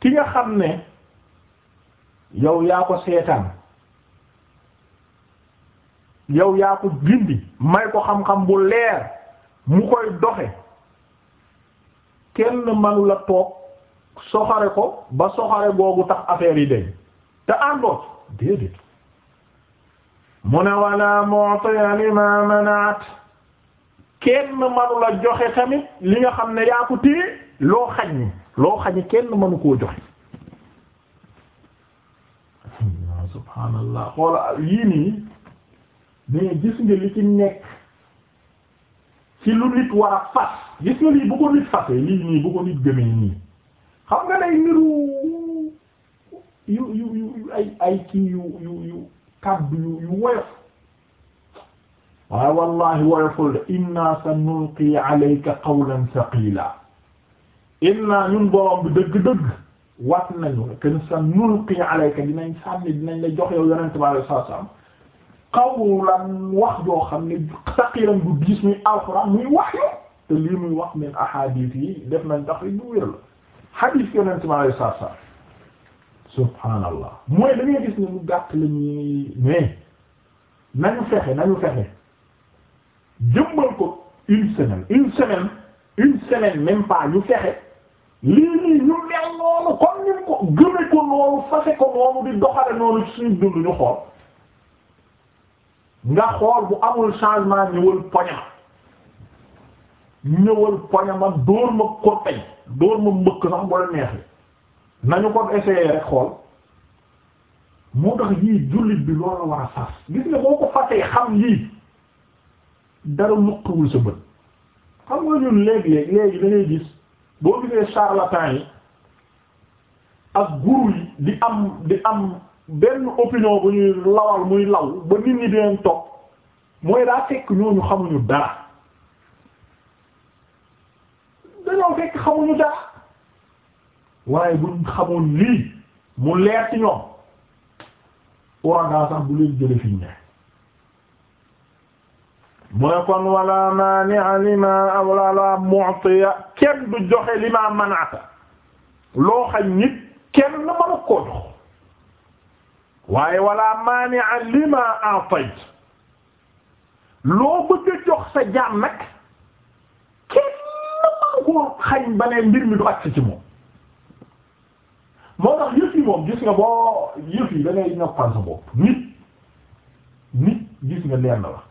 ki nga xam ne yow yaa ko seetaan yow yaa ko gindi may ko xam-xam bu leer mu koy doxe kenn manu la toog soxare ko ba soxare googu tax affaire yi day te àndoot déedéet mu ne wala mu'tiya lima kenn manu la joxe tamit li nga xam ne yaa ko téye loo xañ loo xañe kenn mënu koo joxe subhaanallah xoola yii nii mais gis nga li ci nekk ci lu nit war fas gis nga lii bu ko nit fasee lii nii bu ko nit gëmee nii xam nga day niru yu yu yu yu yu yu yu woyof waaye wallahi woyoful de inna sanulqi alayka qawlan thaqila inna ñun borom bi dëgg-dëgg wat nañu la ken sa nulqi alayka dinañ sànni dinañ la jox yow yonent bi alayhi salaam qawlan wax joo xam ne saqiran bu diis muy muy wax yo te lii muy wax min ahadith yi def nañ tax bu wér la hadith yonent bi subhaanallah mooy da ngay gis mu gàtt la ñuy mais nañu fexe nañu fexe jëmbal ko une semaine une semaine une semaine même pas ñu fexe lii nii ñu mel noonu comme ni ko gëme ko noonu fase ko noonu di doxale noonu suñu dund ñu xool nga xool bu amul changement ñëwal poñama ñëwal dóor ma korpeñ dóor ma mbëkk sax bu la neexee nañu ko essayer xool moo tax yii jullit bi loolu war a fas gis nga boo ko fasee xam yii dara luqwul sa bët xam nga ñun léegi léegi léegi ngay gis boo gisee charlatan yi ak guru yi di am di am benn opinion bu ñuy lawal muy law ba nit ñi di leen topp mooy daa fekk ñooñu xamuñu dara dañoo fekk xamuñu dara waaye bu xamoon lii mu leer ci ñoom orangaa sax bu leen jële fi ñu mu ne kon wala maani'a lima awla la mu'tiya kenn du joxe lima manata loo xañ nit kenn mënu koo jox waaye loo bëgg jox sa jaam nag kenn mënu koo xañ ba ne mbir mi du agsi ci moom moo tax yëf yi moom gis nga boo yëf yi da ngay noppal sa bopp nit nit gis nga lenn la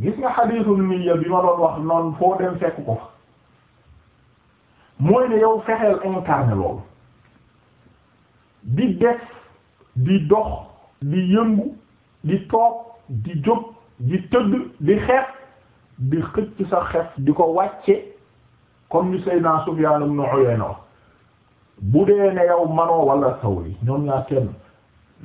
gis nga xadiisul niyya bi ma doon wax noonu foo dem fekk ko fa mooy ne yow fexeel incarné loolu di def di dox di yëngu di toog di jóg di tëdd di xef di xëcc sa xef di ko wàcce comme ni Seydina Sufyaan ibn Uyayna wax bu dee ne yow manoo wala saw yi ñoom ñaa kenn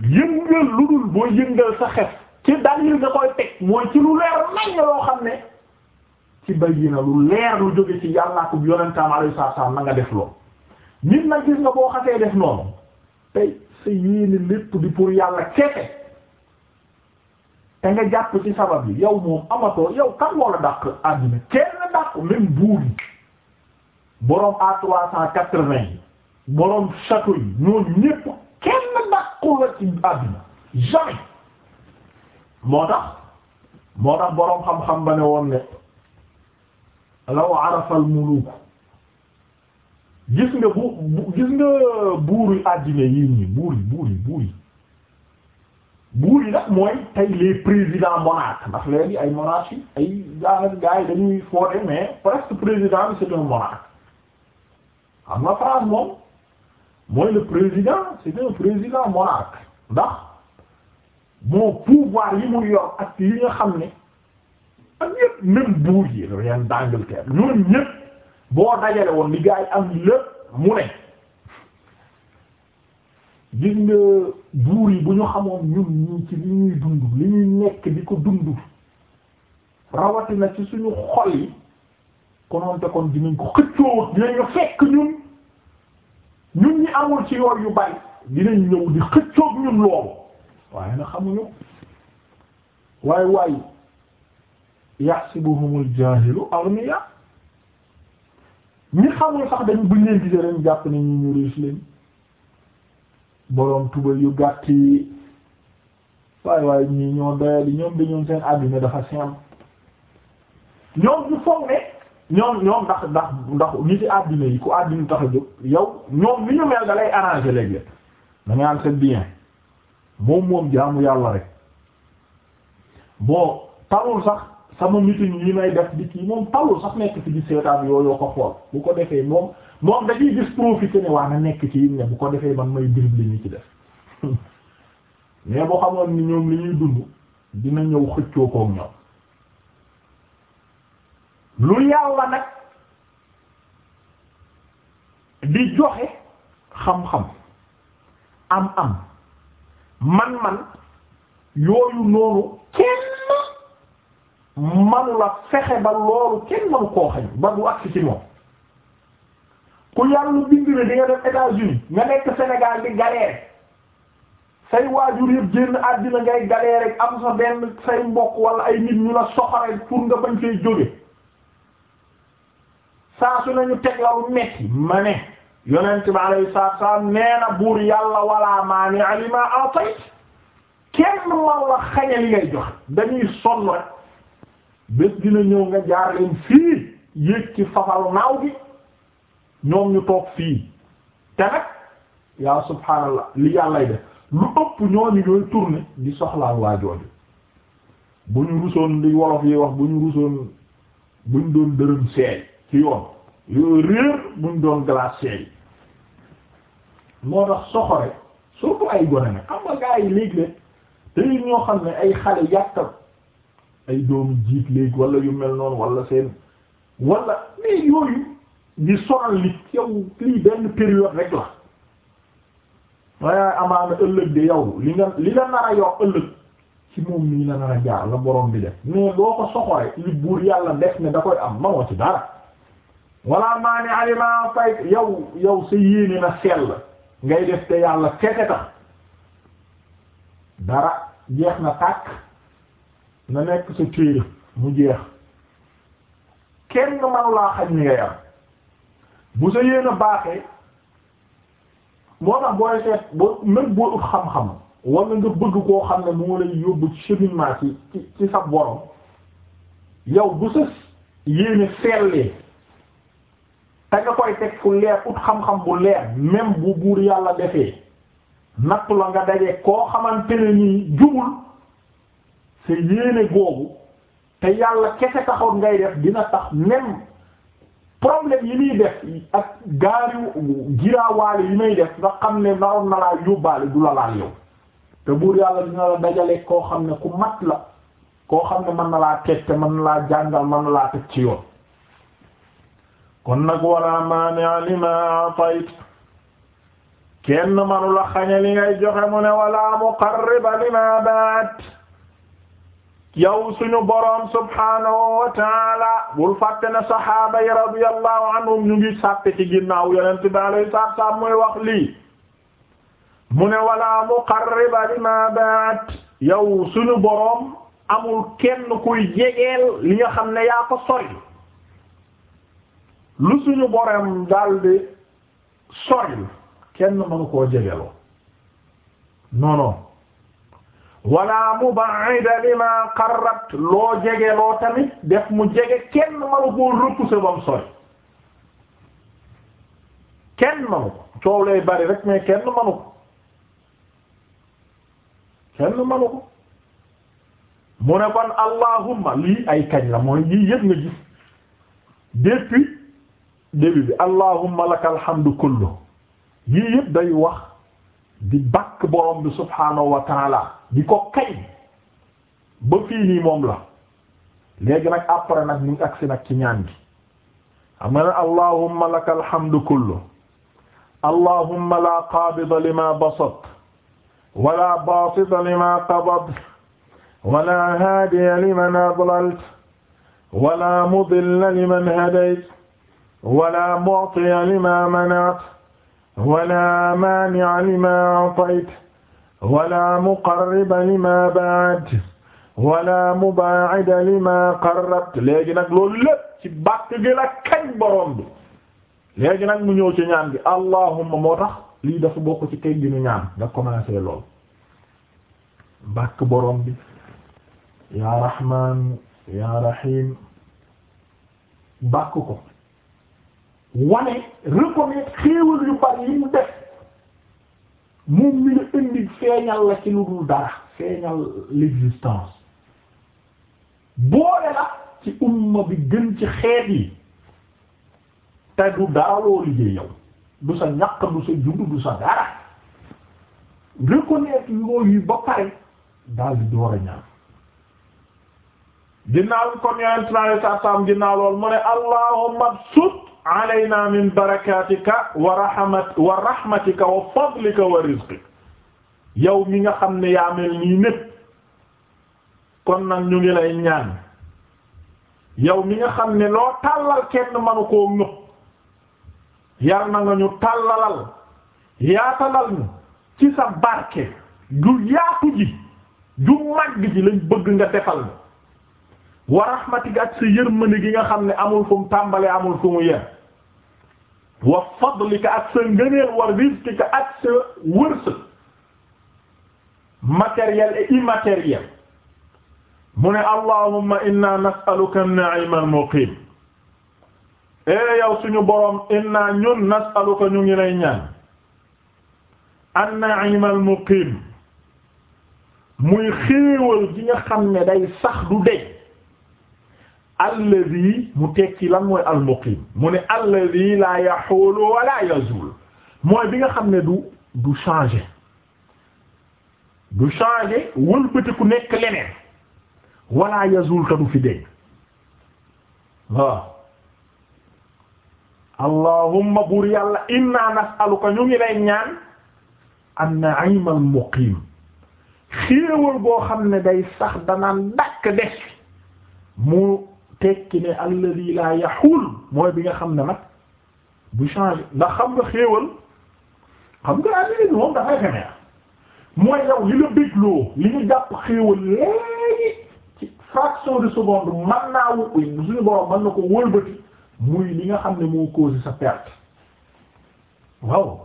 yëngal lu dul boo yëngal sa xef ci dalil nga koy teg mooy ci lu leer nañ xam ne ci bayyina lu leer lu jóge ci yàllaa ko yonentam alayhi salaam na nga def loolu nit nag gis nga boo xasee def noonu tey sa yéene lépp di pour yàlla kese te jàpp ci sabab yi yow moom amatoo yow kan moo la dàq àddina kenn dàq même buur yi boroom à trois boroom château yi ñooñu ñépp kenn dàqu la ci àddina jamais moo tax moo tax boroom xam-xam ba ne woon ne law arafal muluk gis nga bu gis nga buuru àddina yii ñi buur yi buur yi buur yi buur yi nag mooy tey les présidents monarques ndax léegi ay monarchie ay gaas gars yi dañuy foote mais presque président bi c'est un monarque xam moom mooy le président c'est un président monarque ndax moo pouvoir yi mu yor ak yi nga xam ne ak yépp même buur yi reine d'Angleterre ñoom ñépp boo dajale woon li am lépp mu ne gis buur yi bu ñu xamoon ñun ñii ci li ñuy dund li ñuy nekk di ko dundu rawatina ci suñu xol yi konoonte kon dinañ ko xëccoo dinañu fekk ñun ñun ñi amul ci yoor yu bari dinañ ñëw di xëccoog ñun loolu waaye na xamuñu waaye waaye yaxsibuhumul jaahilu aghniya ñi xamul sax dañ buñ leen gisee dañ jàpp ne ñu ñu riis boroom tubal yu gàtt yi waaye waaye ñii ñoo doyal yi ñoom dañoon seen àddina dafa simple ñoom ñu foog ne ñoom ñoom ndax ndax ndax ñi ci àddina yi ku àddina tax a jóg yow ñoom li ñu mel da lay arranger léegi da nga am bien moom moom jaamu yàlla rek bon talul sax sama meeting yi may def di kii moom talul sax nekk ci di seetaan yooyu ko xool bu ko defee moom moom dañuy gis profité ne waa na nekk ci ne bu ko defee man may dirib li ci def mais boo xamoon ni ñoom li ñuy dund dina ñëw xëccoo koog ñoom lu yàlla nag di joxe xam-xam am am man-man yooyu noonu kenn manu la fexe ba loolu kenn manu koo xañ ba du agsi ci moom ku yàlla bind ne di def États-Unis nga nekk Sénégal di galère say waajur yëpp génn àddina ngay galère rek am sa benn say mbokk wala ay nit ñu la soxare pour nga bañ fay jóge saa su nañu teg la lu metti ma ne yonent bi alayhi salaatu salaam nee na buur yàlla wala maani'a limaa a'tayt kenn man la xañe li ngay jox dañuy sonn rek bés dina ñëw nga jaar leen fii yéeg ci fafal naaw gi ñoom ñu toog fii te nag yaa subhaanallah li yàllay def lu ëpp ñooñu ñooy tourner di soxlaal waa bu ñu rusoon li wolof yi wax bu ñu rusoon bu ñu doon dërëm seey ci yoon yoo réer buñ doon glacier yi moo tax soxore surtout ay gone nag léeg-léeg xam ne ay xale yàttal ay doomu jiit léegi wala yu mel noonu wala seen wala mais yooyu di sonal nit yow lii rek la waaye amaana ëllëg di yow li nga li la nar a yow ëllëg ci moom nii la nar a jaar la borom bi def mais boo ko soxore li buur yàlla def ne da koy am manoo ci dara wala maa ni aliment fay yow yow sa yéene na sell ngay def te yàlla kese tax dara jeex na tàkk na nekk sa téere mu jeex kenn manu laa xañ ni ngay am bu sa yéene baaxee moo tax booy seet boo même boo ut xam-xam wala nga bëgg koo xam ne moo lay yóbbu ci cheminement ci ci sa borom yow bu sa yéene sellee te nga koy teg fu leer ut xam-xam bu leer même bu buur yàlla defee nattu la nga daje koo xamante ne nii jubul sa yéene googu te yàlla kese taxoon ngay def dina tax même problème yi muy def ak gaari giraawaale yi may def nga xam ne naroon na laa yóbbaale du la laal yow te buur yàlla dina la dajale koo xam ne ku mat la koo xam ne mën na laa teg te mën na laa jàngal mën na laa teg ci yoon kon nag wala maani'a limaa atayt kenn manu la xañe li ngay joxe mu ne wala muqarriba limaa baat yow suñu boroom subhaanahu wa taala bul fàtte ne sahaaba yi radiyallahu anhum ñu ngi sàppe ci ginnaaw yonent bi alayhi lii mu ne wala muqarriba limaa baat yow suñu boroom amul kenn kuy jegeel li nga xam ne yaa ko sori lu suñu borom daldi soril kenn mënu koo jegeloo non non wala muba'ida lima qarrabt loo jegeloo tamit def mu jege kenn mënu koo repousser bam sori kenn mënu ko coow lay bari rek mais kenn mënu ko kenn mënu ko mu ne kon allahumma lii ay kañ la mooy lii yëpp nga gis depuis début bi allahumma lakal hamdu kullu yii yëpp day wax di bakk borom bi subhaanahu wa taala di ko kay ba fii nii moom la léegi nag après nag ñu agsi nag ci ñaan gi xam nga ne allahumma lakal hamdu kullu allahumma la qabida lima basat wala basita lima qabadt wala haadiya liman adlalta wala mudilla liman hadayta wala mu'tiya lima mana'ta wala maani'a lima a'tayta wala muqarriba lima ba'adta wala mubaa'ida lima qarrabta léegi nag loolu lépp ci bàkk gi la kañ borom bi léegi nag mu ñëw ci ñaan bi allahumma moo tax lii dafa bokk ci kay ginu ñaan nga commencé lool bàkk borom bi yaa rahmaan yaa rahiim bàkk ko wane reconnaître xéewal yu bari yi mu def moom mi la indi feeñal la ci lu dul dara feeñal l'existence boole la ci umma bi gën ci xeet yi te du dara loo liggéey yow du sa ñaq du sa jund du sa dara reconnaître loolu yi ba pare daal di door a ñaan ginnaaw kon yonent bi sallallahu alayhi wasallam ginnaaw loolu mu ne allahumma sut alayna min barakatika wa rahmat wa rahmatika wa fadlika mi nga xam ne yaa mel nii népp kon nag ñu ngi lay ñaan yow mi nga xam ne loo tàllal kenn manu koo nëpp yar na nga ñu tàllalal yaatalal ñu ci sa barke du yaatu ji du màgg ji lañ bëgg nga defal na wa rahmatika ak sa yërmande gi nga xam ne amul fu mu tàmbalee amul fu mu yer wa fadlika ak sa ngëneel wa rizqika ak sa wërsëg matériel et immatériel mu ne allahumma inna nas'aluka an-na'ima al-muqim ee yow suñu boroom inna ñun nas'aluka ñu ngi lay ñaan an-na'ima al-muqim muy xéewal gi nga xam ne day sax du dey allazi mu tekki lan mooy almuqim mu ne allazi la yaxoolu wala yazul mooy bi nga xam ne du du changer du changer wëlbati ku nekk leneen wala yazul te du fi deñ waaw allahumma buur yàlla inna nas'aluka ñu ngi lay ñaan an-na'im al-muqim xéewal boo xam ne day sax danaan dakk des mu tekki ne alladi la yaxuul mooy bi nga xam ne nag bu changé ndax xam nga xéewal xam nga àddina bi moom dafa éphémère ah. mooy yow li la bégloo li ñu jàpp xéewal léegi ci fraction de seconde wu suñu ko wëlbati muy li nga xam ne moo causé sa perte waaw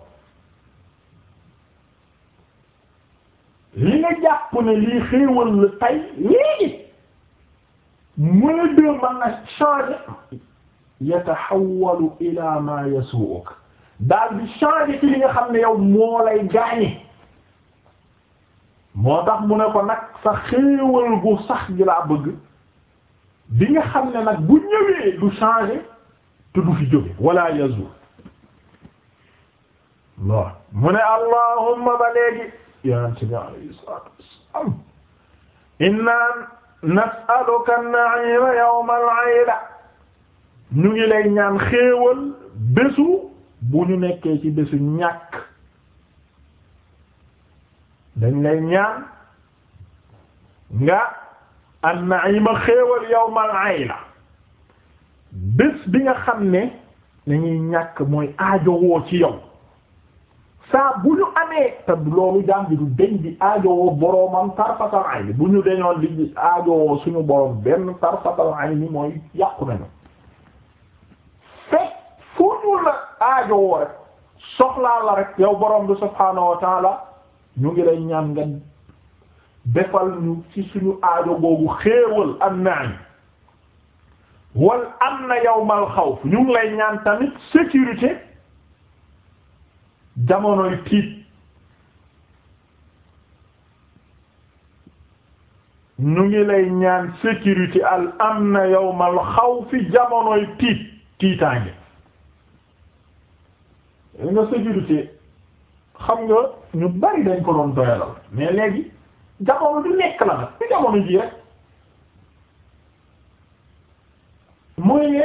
li nga jàpp ne lii xéewal la tey léegi mooy deux mën na changer yataxawalu ila ma yasuuk daal di changer ci li nga xam ne yow moo lay moo tax mu ne ko nag sa xéewal gu sax gi laa bëgg bi nga xam ne nag bu ñëwee du changer te du fi jóge wala yazul mu ne allahumma ba léegi yonent bi alayhi salaatu wassalaam innaan nas'aluka an-na'ima yawma al-'ayla ñu ngi lay ñaan xéewal bésu bu ñu nekkee ci bésu ñàkk dañ lay ñaan nga an-na'ima xéewal yawma al-'ayla bés bi nga xam ne dañuy ñàkk mooy aajowoo ci yow saa bu ñu amee te loolu jaam bi du deñ boroomam tarfatal ayni bu ñu deñoon di aajowoo suñu boroom benn tarfatal ayni mooy yàqu nañu fekk fu ñu la aajowoo rek soxlaa la rek yow boroom bi subhaanahu wa ñu ngi lay ñaan nga defal ñu ci suñu aajo googu xéewal am naan wal am na yawmal xawf ñu lay ñaan tamit sécurité jamonoy tiit ñu ngi lay ñaan sécurité al amna xaw xawfi jamonoy tiit tiitaange nga sécurité xam nga ñu bari dañ ko doon doyalal mais léegi jamono du nekk la nag du jamono ji rek mooy ne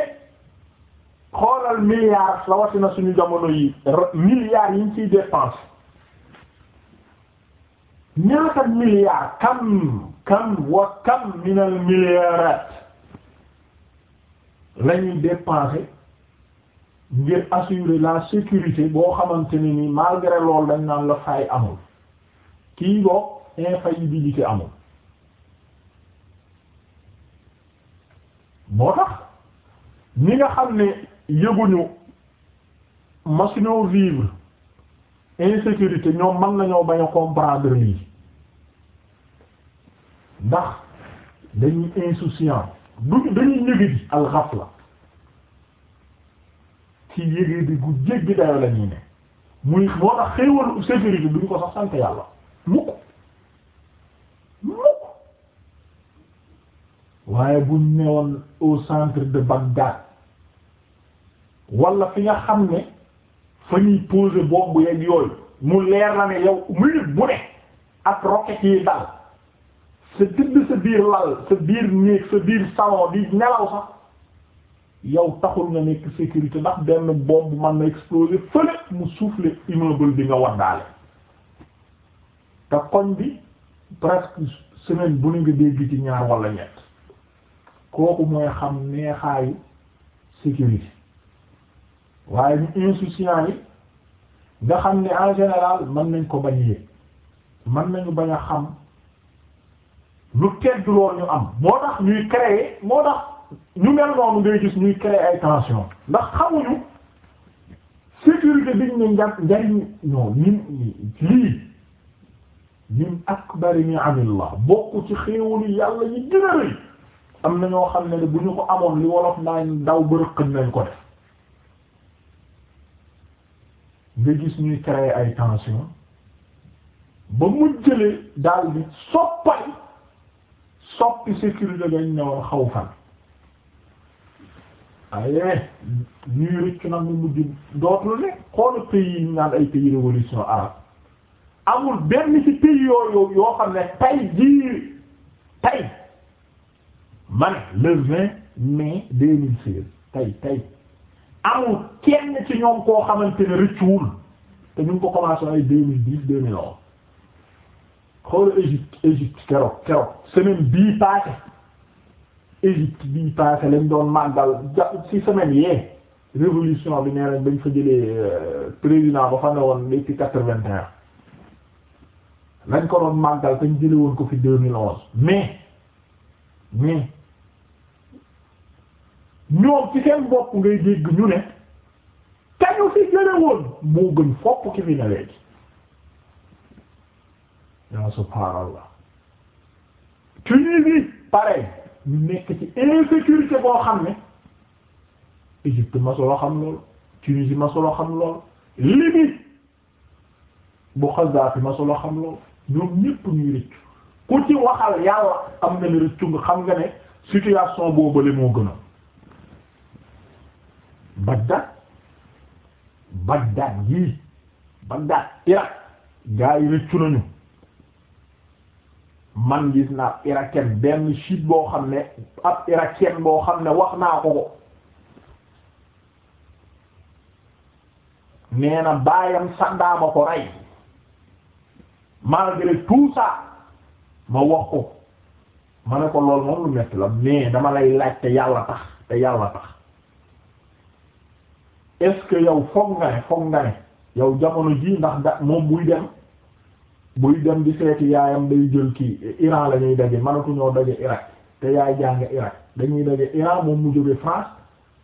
xoolal milliards rawatina suñu jamono yi milliards yiñ ciy dépense ñaata milliards kam kam wa kam min milliards la ñuy ngir assurer la sécurité boo xamante ni malgré loolu dañ naan la fay amul kii boo infaillibilité amul moo tax ñi nga xam ne yëguñu masuñoo vivre insécurité ñoom mën nañoo bañ a comprendre lii ndax dañuy insouciant du dañuy ñëge di alxafla ci yëge di gu jéggi dayo la ñuy ne muy moo tax xéewalu sécurité duñ ko sax sant yàlla mukk mukk waaye buñ newoon au centre de Bagdad wala fi nga xam ne fa ñuy poser bombe yooyu mu leer la ne yow minute bu ne ak roquette yi dal sa tëdd sa biir lal sa biir néeg sa biir salon di nelaw sax yow taxul nga nekk sécurité ndax benn bombe mën na exploser fële mu souffler immeuble bi nga waddaale te koñ bi presque semaine bu ne nga dégg ci ñaar wala ñett kooku mooy xam neexaayu sécurité waaye ñu insouciant yi nga xam ne en général mën nañ ko bañ yëg mën nañu bañ a xam lu tedd lool ñu am moo tax ñuy créer moo tax ñu mel noonu ngay gis ñuy créer ay tension ndax xamuñu sécurité biñ ne nja njariñ ñoo ñun lii ñun akbari ni'amillah bokk ci xéewalu yàlla ñu gën a am na ñoo xam ne bu ñu ko amoon li wolof naan daw bërëqën nañ ko def nga gis ñuy créer ay tension ba mu jëlee daal bi soppal soppi sécurité gañ ñëwoon xaw fan aye ñuy rëccu nag mu mujj dootul ne xoolu pays ñu naan ay pays révolution arabe amul benn ci pays yooyu yoo xam ne tay jii tay man le mai deux mille seize tay tay amul kenn ci ñoom koo xamante ne rëccuwul te ñu ngi ko commencé ay deux mille dix deux mille onze xoolal Égypte Égypte keroog keroog semaine bii passé Égypte bii passé lañ doon màggal ja ci semaine yee révolution bi nee nañ bañ fa jëlee euh, président ba fa ne woon depuis quatre-vingt-un lañ ko doon màggal te ñu woon ko fi deux mille onze mais mais ñoom ci seen bopp ngay dégg ñu ne te ñu fi jële woon moo gën fopp ki fi na léegi yaa subhaanallah Tunisie pareil ñu nekk ci insécurité boo xam ne Égypte ma solo xam lool Tunisie ma solo xam lool Libye bu Kadhafi ma solo xam lool ñoom ñépp ñuy rëccu ku ci waxal yàlla am na ni rëccu nga xam nga ne situation boobale moo gënoon Bagdad Bagdad yii Bagdad Irak gaa yi rëccu nañu man gis na ab irakien benn chiite boo xam ne ab irakien boo xam ne wax naa ko ko nee na baayam Saddaam a ko rey malgré tout ça ma wax ko ma ne ko lool moom lu metti la mais dama lay laaj te yàlla tax te yàlla tax est-ce yow foog nga ne foog nga ne yow jamono ji ndax da moom muy dem buy dem di seeti yaayam day jël ki Iran la ñuy daje mënatuñoo daje Irak te yaay jàng Irak dañuy daje Iran moom mu jóge France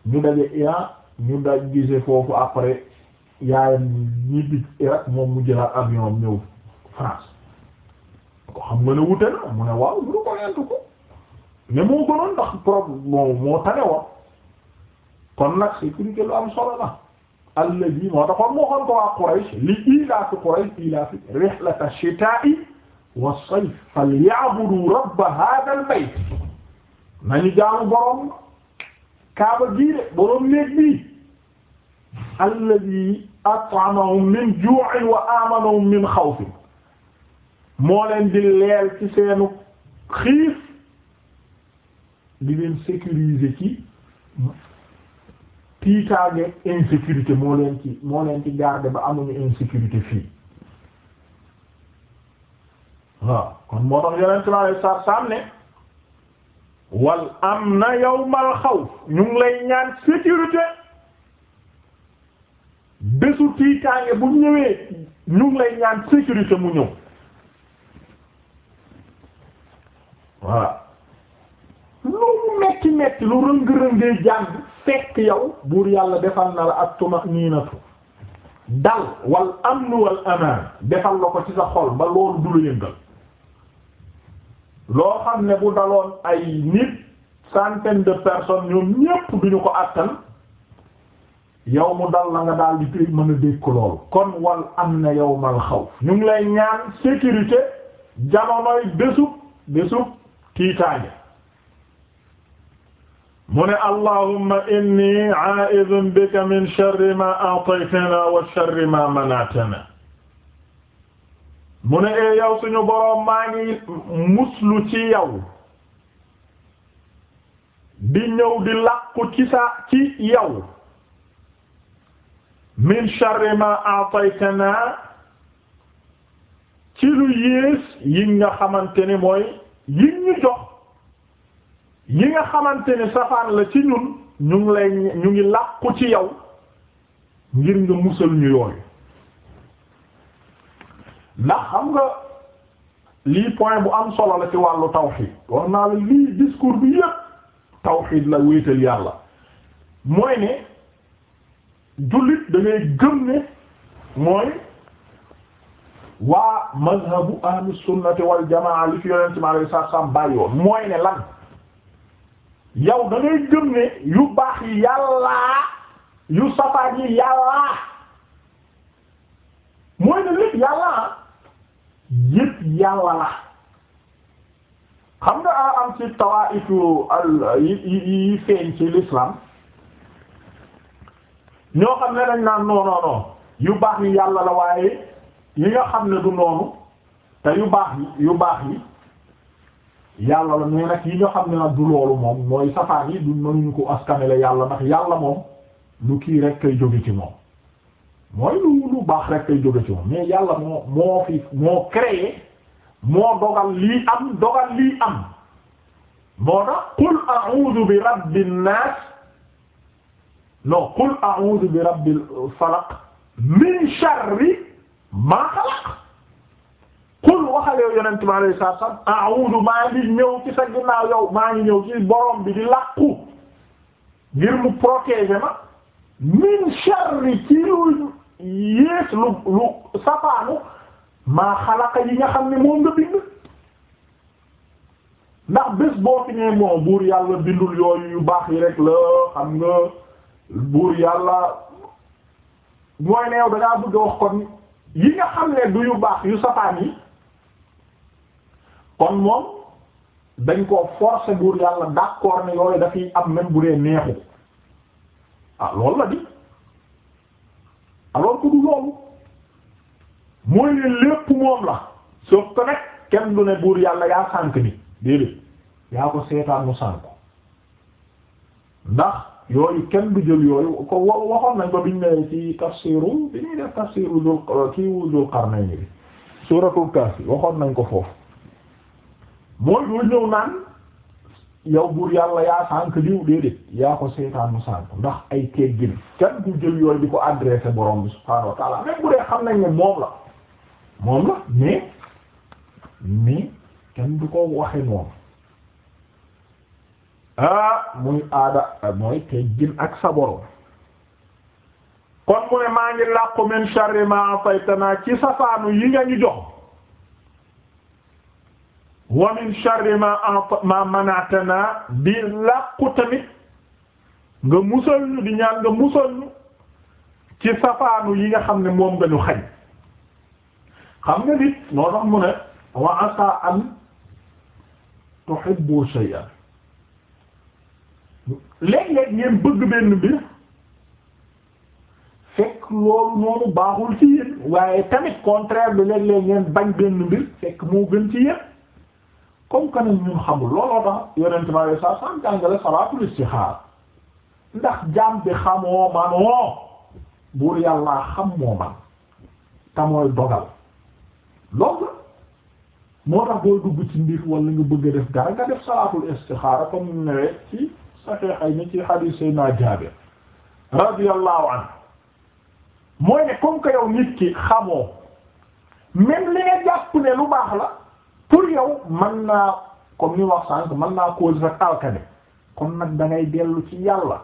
ñu daje Iran ñu daj gise foofu après yaayam ñibbi Irak moom mu jëlaat avion am ñëw France ko xam nga ne wute na mu ne waaw lu ko yentu ko mais moo gënoon ndax problème moo moo tane kon nag sécurité lu am solo la alladi moo taxoon moo xoon ko waa Quraysh li ilaafi Quraysh ilaafi rihlata ash-shitaa'i was-sayf falyabudu rabba hadha al-bayt nañu jaamu borom kaaba gii de borom néeg bii alladi at'amahum min ju'in wa amanahum min xawfin moo leen di leel ci seenu xiif di leen sécuriser ci tiitaange insécurité moo leen ci moo leen ci garder ba amuñu insécurité fii waaw kon moo tax yeneen ci laa sa saam ne wal am na yawmal xawf ñu ngi lay ñaan sécurité bésu tiitaange bu ñëwee ñu lay ñaan sécurité mu ñëw voilà lu mu metti metti lu rëng-rëngee jàng fekk yow buur yàlla defal na la at-tuma'ninatu dal wal amnu wal amaan defal la ko ci sa xol ba loolu du la yëngal loo xam ne bu daloon ay nit centaine de personnes ñoom ñépp duñu ko àttan yow mu dal la nga daal di koy mën a dékk lool kon wal am na yawmal xawf ñu ngi lay ñaan sécurité jamonoy bésub bésub tiitaange mu ne allahumma inni aa'idun bika min sharri ma a'taytana wa sharri ma mana'tana mu ne ee yow suñu boroom maa ngi muslu ci yow di ñëw di làqu ci sa ci yow min sharri ma a'taytana ci lu yées yi nga xamante ni mooy yi ñu jox yi nga xamante ne safaan la ci ñun ñu ngi lay ñu ngi làqu ci yow ngir nga musal ñu yooyu ndax xam nga lii point bu am solo la ci wàllu tawxiid wax naa la lii discours bi yépp tawxiid la wéetal yàlla mooy ne jullit da ngay gëm ne mooy waa mazhabu ahlu sunnati wal jamaa li fi yonent mi alayhi bàyyi woon mooy ne lan yow da ngay gëm yu baax yi yàllaa yu safaan yi yàllaa mooy ne lépp yàllaa yépp yàlla la xam nga a am ci tawaa'ifu al yi yi feeñ ci l'islam ñoo xam ne dañ naan non yu baax yi yàlla la waaye yi nga xam ne du noonu te yu baax yu baax yi yàlla la mais nag yi nga xam ne nag du loolu moom mooy safaan du mënuñu ko askanele yàlla ndax yàlla moom lu kii rek kay jóge ci moom mooy lu lu baax rek ay jóge ci moom mais yàlla moo moo fi moo créé moo dogal lii am dogal lii am moo tax qul a'udhu bi rabbin nas non qul a'udhu bi rabbil falaq min sharri ma xalaq waxalee yonent bi alayhi salaatu wa salaam a'uudu maa ngi ñëw ci sa ginnaaw yow maa ngi ñëw ci borom bi di làqu ngir mu protéger ma min sharri ci lu yées lu lu safaanu maa xalaqa yi nga xam ne moom nga bind ndax bés boo fi nee buur yàlla bindul yooyu yu baax yi rek la xam nga buur yàlla mooy neew dangaa bëgg wax kon yi nga xam ne du yu baax yu safaan yi kon moom dañ koo forcer buur yàlla d'accord ne yooyu dafiy am même bu dee neexu ah loolu la di alors que du loolu mooy ne lépp moom la sauf que kenn du ne buur yàlla yaa sànk ni déedéet yaa ko seetaan sànk ndax yooyu kenn du jël yooyu ko waxoon nañ ko biñ ne ci tafsiru bi ñuy def tafsiru dul kii dul Qarnayni waxoon nañ ko foofu mooy doo ñëw naan yow buur yàlla yaa sànk liw déedéet yaa ko seetaanu sànk ndax ay teggin kenn du jël yooyu di ko adressé borom bi subhaanahu wa ta'ala même bu dee xam nañ ne moom la moom la mais mais kenn du ko waxe noonu ah muy aada mooy teggin ak sa borom kon mu ne maa ngi làqu min sharri ma afaytana ci safaanu yi nga ñu jox wa min sharri ma ma manatana bi làqu tamit nga musal ñu di ñaan nga musal ci safaanu yi nga xam ne moom nga ñu xañ xam nga nit noo tax mu ne wa asa an tuhibbu shay'an léeg-léeg ngeen bëgg benn mbir fekk loolu noonu baaxul ci waaye tamit contraire bi léeg-léeg ngeen bañ benn mbir fekk moo gën ci yéen comme que nag ñun xamul looloo tax yonent ma lay saa jàngale salaatul istixaar ndax jaam bi xamoo manoo buur yàllaa xam moo man te mooy dogal moo tax booy dugg ci mbir wala nga bëgg def dara nga def salaatul istixaara comme ñu newee ci saxiixay ni ci xadiis Seydina Jaabir radiyallahu anhu mooy ne comme que yow nit ki xamoo même li nga jàpp ne lu baax la pour yow man naa comme ni wax sànq mën naa cause rek alkane kon nag dangay dellu ci yàlla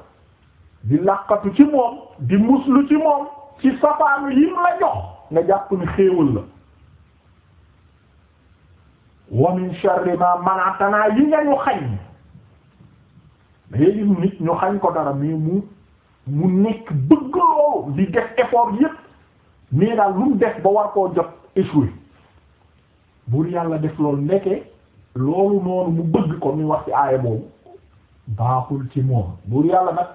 di làqatu ci moom di muslu ci moom ci safaanu yim la jox nga jàpp ni xéewal yi nga ñu xañ da ngay gis nit ñu xañ ko dara mais mu mu nekk bëgg loolu di def effort yépp mais daal lu mu def ba war koo jot échoué buur yàlla def lool ndeke loolu noonu mu bëgg ko mu wax ci aaya boobu baaxul ci moom buur yàlla nag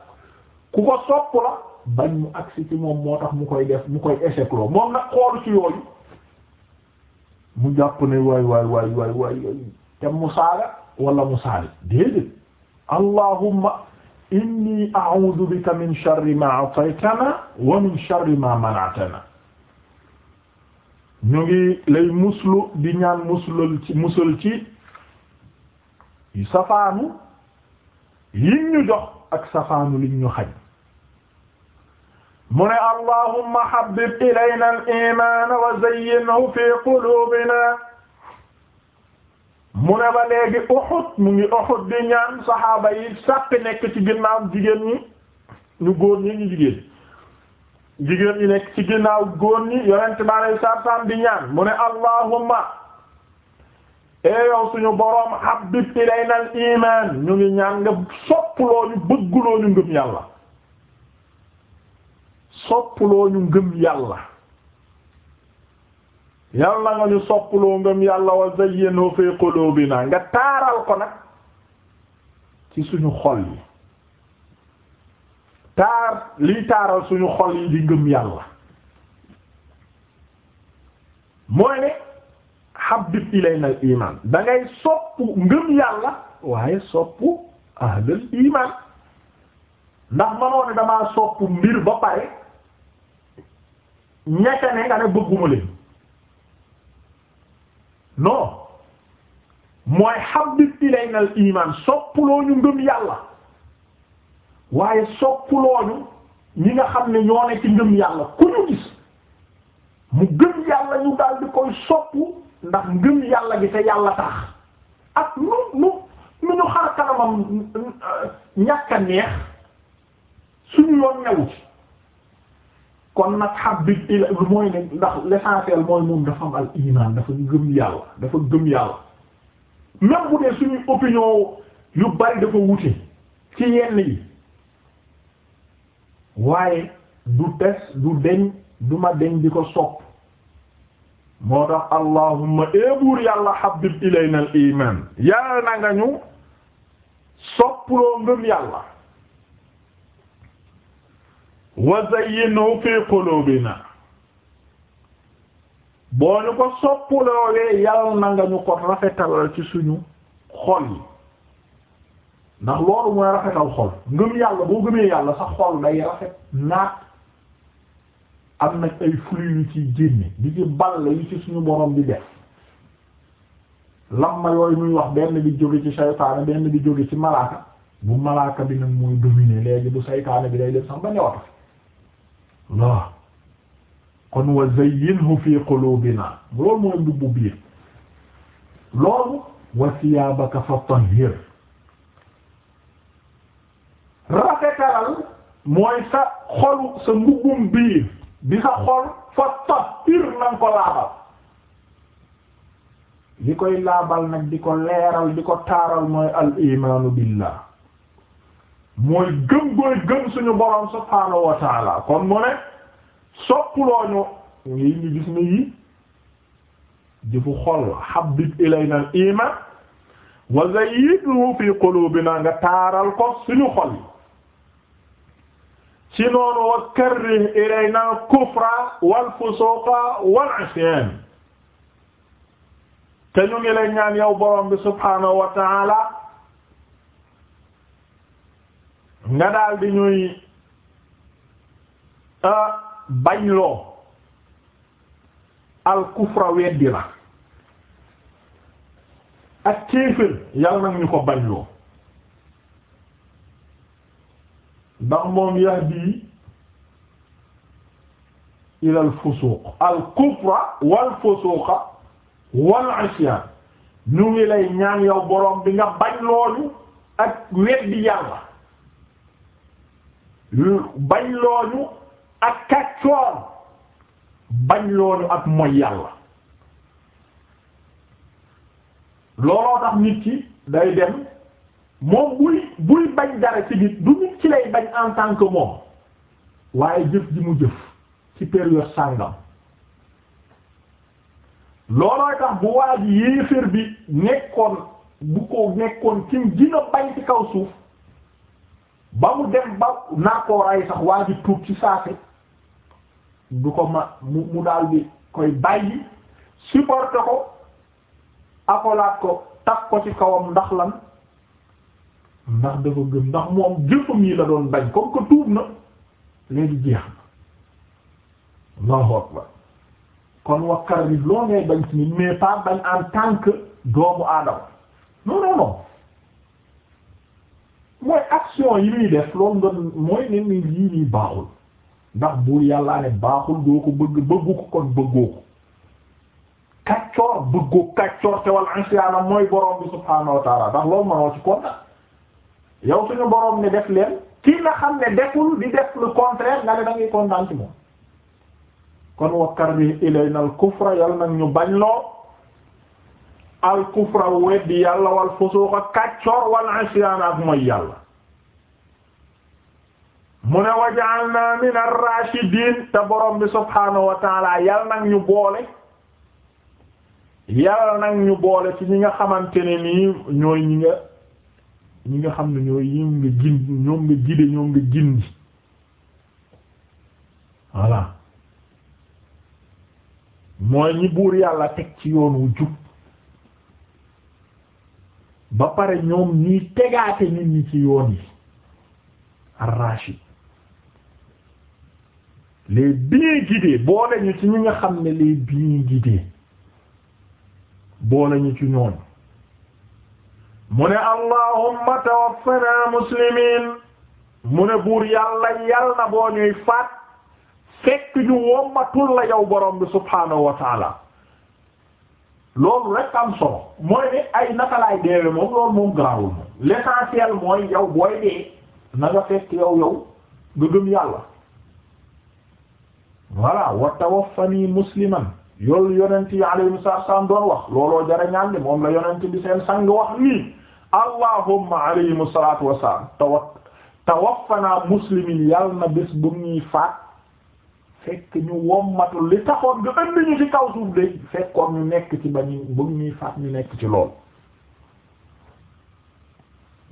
ku ko sopp la mu agsi ci moo tax mu koy def mu koy échec loo moom nag xool ci yooyu mu jàpp ne waay waay waay waay waay te mu saaga wala mu saali déedéet allahumma inni a'udhu bika min sharri ma ataytana wa min sharri ma mana'tana ñu ngi lay muslu di ñaan muslul ci musul ci safaanu yi ñu jox ak safaanu li ñu xañ mu ne allahumma habbib ilayna al-iman wa zayyinhu fi qulubina mu ne ba léegi Uhud mu ngi Uhud di ñaan saxaaba yi sàpp nekk ci ginnaaw jigéen ñi ñu góor ñi ñu jigéen jigéen ñi nekk ci ginnaaw góor ñi yonent bi alei saatu salaam di ñaan mu ne allahumma e yow suñu boroom habib ilayna al iman ñu ngi ñaan nga soppuloo ñu bëgguloo ñu ngëm yàlla soppuloo ñu ngëm yàlla yàlla nga ñu soppuloo ngëm yàlla wa zayyinhu fi qulubina nga taaral ko nag ci suñu xol yi taar liy taaral suñu xol yi di ngëm yàlla mooy ne habib ilayna al iman da soppu ngëm yàlla waaye soppu ahlal iman ndax manoo ne damaa soppu mbir ba pare ñette ne nga ne bëgguma leen non mooy habib ilayna al iman soppuloo ñu ngëm yàlla waaye sopplooñu ñi nga xam ne ñoo ne ci ngëm yàlla ku ñu gis mu gëm yàlla ñu daal di koy soppu ndax ngëm yàlla gi te yàlla tax ak nu nu nu ñu xar kanamam ñàkk a neex suñu yoon newu ci kon nag habib mooy ne ndax l'essentiel mooy moom dafa am al iman dafa gëm yàlla dafa gëm yàlla même bu dee suñuy opinion yu bari dafa wute ci yenn yi waaye du tes du deñ du ma deñ di ko sopp moo tax allahumma eebuur yàlla habib ilayna al iman yàlla na nga ñu soppuloo ngëm yàlla wa zayyinhu fi qulubina boo ñu ko soppuloo wee yàlla na nga ñu ko rafetalal ci suñu xol ndax loolu mooy rafetal xol ngëm yàlla boo gëmee yàlla sax xol day rafet naat am nag ay fruits yu ci génne bi ci balle yu ci suñu borom di def lamma yooyu muy wax benn gi jóge ci saytaane benn gi jóge ci malaaka bu malaaka bi nag mooy dominer léegi bu saytaane bi day def sax ba newata waaw kon wa zayyinhu fi qulubina loolu mooy dubbu biir loolu wa siyaabaka fa tahhir rafetalal mooy sa xolu sa mbubbum biir bi sa xol fa tahir na nga ko laabal li koy laabal nag di ko leeral di ko taaral mooy al imaanu billah mooy gëm gooy gëm suñu borom subhaanahu wa kon mu ne soppulooñu ngi ngi gis ni yi jëfu xol habib ilayna al iman wa zayyidhu fi qulubina nga taaral ko suñu xol ci noonu wa karrih ilayna kufra wal fusuqa wal isyan te ñu ngi lay ñaan yow borom bi subhaanahu wa ta'ala nga daal di ñuy bañ loo al kufra weddi la ak kéefër yàlla nag ñu ko bañ ndax moom yahdi ila al fusuq al kufra wal fusuqa wal isyan ñu ngi lay ñaan yow boroom bi nga bañ loolu ak weddi yàlla bañ loolu ak kaccoor bañ loolu ak moy yàlla looloo tax nit ki day dem moom buy buy bañ dara ci nit du nit ci lay bañ en tant que moom waaye jëf ji mu jëf ci période sàngam loolooy tax bu waaj yéeféer bi nekkoon bu ko nekkoon kim dina bañ ci kaw suuf ba mu dem ba naa ko ray sax waa ji tuub ci saase du ko ma mu mu daal bi koy bàyyi supporter ko akolaat ko tax ko ci kawam ndax lan ndax dafa gëm ndax moom jëfam yi la doon bañ comme ko tuub na léegi kon wakkar bi loo ngay bañ ci nit mais pas bañ en tant que doomu aadama non non non mooy action yi muy def loolu nga mooy ne ni nii baaxul ndax buur yàlla ne baaxul doo ko bëgg bëggu ko kon bëggoo ko kaccoor bëggoo kaccoor te wal ansiyaana mooy borom bi subhaanahu wa ndax loolu manoo ci kontaan yow suñu borom ne def leen ki nga xam ne deful di def le contraire nga ne da ngay kontaan moom kon wakkar bi na al kufra yàlla nag ñu bañ loo al kufra weddi yàlla wal fusuqa kàccoor wal asyaana ak mooy yàlla mu ne waja'alna min ar-rashidin te borom bi subhaanahu wa taala yàlla nag ñu boole yàlla nag ñu boole ci ñi nga xamante ni nii ñooy ñi nga ñi nga xam ne ñooy ñoom nga gindi ñoom nga gide ñoom nga gindi voilà mooy ñi buur yàlla teg ci yoon wu jub ba pare ñoom ñuy tegaate nit ñi ci yoon yi ar-rashid les bien guidés boole ñu ci ñi nga xam ne les bien guidés boole nañu ci ñoon mu ne allahumma tawaffana muslimin mu ne buur yàlla yàlla na boo ñuy faat fekk ñu wommatul la yow borom bi subhaanahu wa loolu rek am solo mooy ne ay naka laay deewe moom loolu moom garaawul moom l'essentiel mooy yow booy dee na fekk yow yow nga yàlla voilà wa tawaffani musliman yoolu yonent yi alayhi salaam doon wax looloo jara ñaan moom la yonent bi seen sang wax nii allahumma alayhimu salaatu wassalaam tawa tawaffanaa muslimin yàlla na bés bu ñuy faat fekk ñu wommatul li taxoon nga indi ñu ci kaw suuf fekkoon ñu nekk ci ba ñu bu ñuy faat ñu nekk ci lool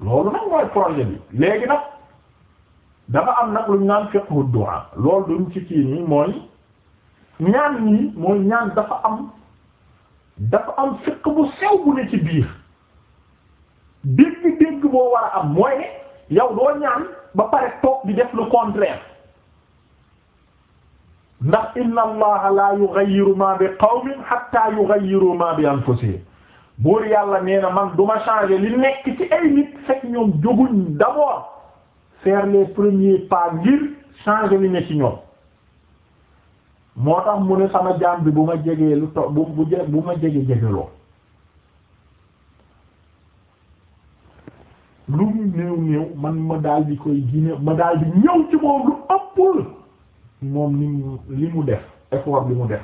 loolu nag mooy projet bi léegi nag dafa am nag lu ñu naan fiqhu du'a loolu duñ ci kii nii mooy ñaan nii mooy ñaan dafa am dafa am fiqh bu sew bu ne ci biir dégg-dégg boo war a am mooy ne yow doo ñaan ba pare toog di def lu contraire ndax inna allaha la yughayyiru ma bi qawmin hatta yughayyiru ma bi anfusihim buur yàlla nee man duma changer li nekk ci ay nit fekk ñoom jóguñ d'abord faire les premiers pas ngir changer li ne ci ñoom moo tax mu ne sama jaam bi bu ma jegee lu to bu bu ma jege jegeloo lu mu néew néew man ma daal di koy gine ma daal ñëw ci moom lu ëppul moom li mu def effort bi mu def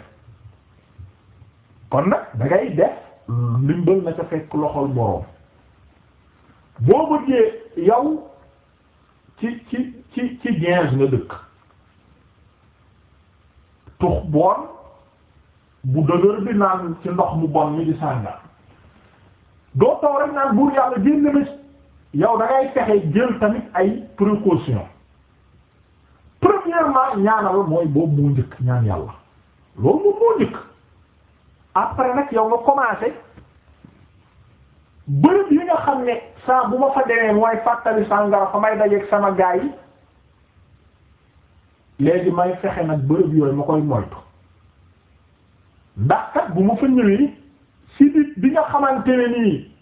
kon nag da def ndimbal na fekk loxol boroom boo bëggee yow ci ci ci ci ginge nga dëkk tux bon bu dëgër bi naan ci ndox mu bon mi di sànga doo taw rek naan buur yàlla génn na yow dangay fexe jël tamit ay précautions ñaana ñaanal mooy boobu moo njëkk ñaan yàlla loolu moom moo njëkk après nag yow nga commencé bërëb yi nga xam ne saa bu ma fa demee mooy fàttali sàngara fa may dajeeg sama gaa yi léegi may fexe nag bërëb yooyu ma koy moytu ndax kat bu ma fa ñëwee si bi bi nga xamante nii.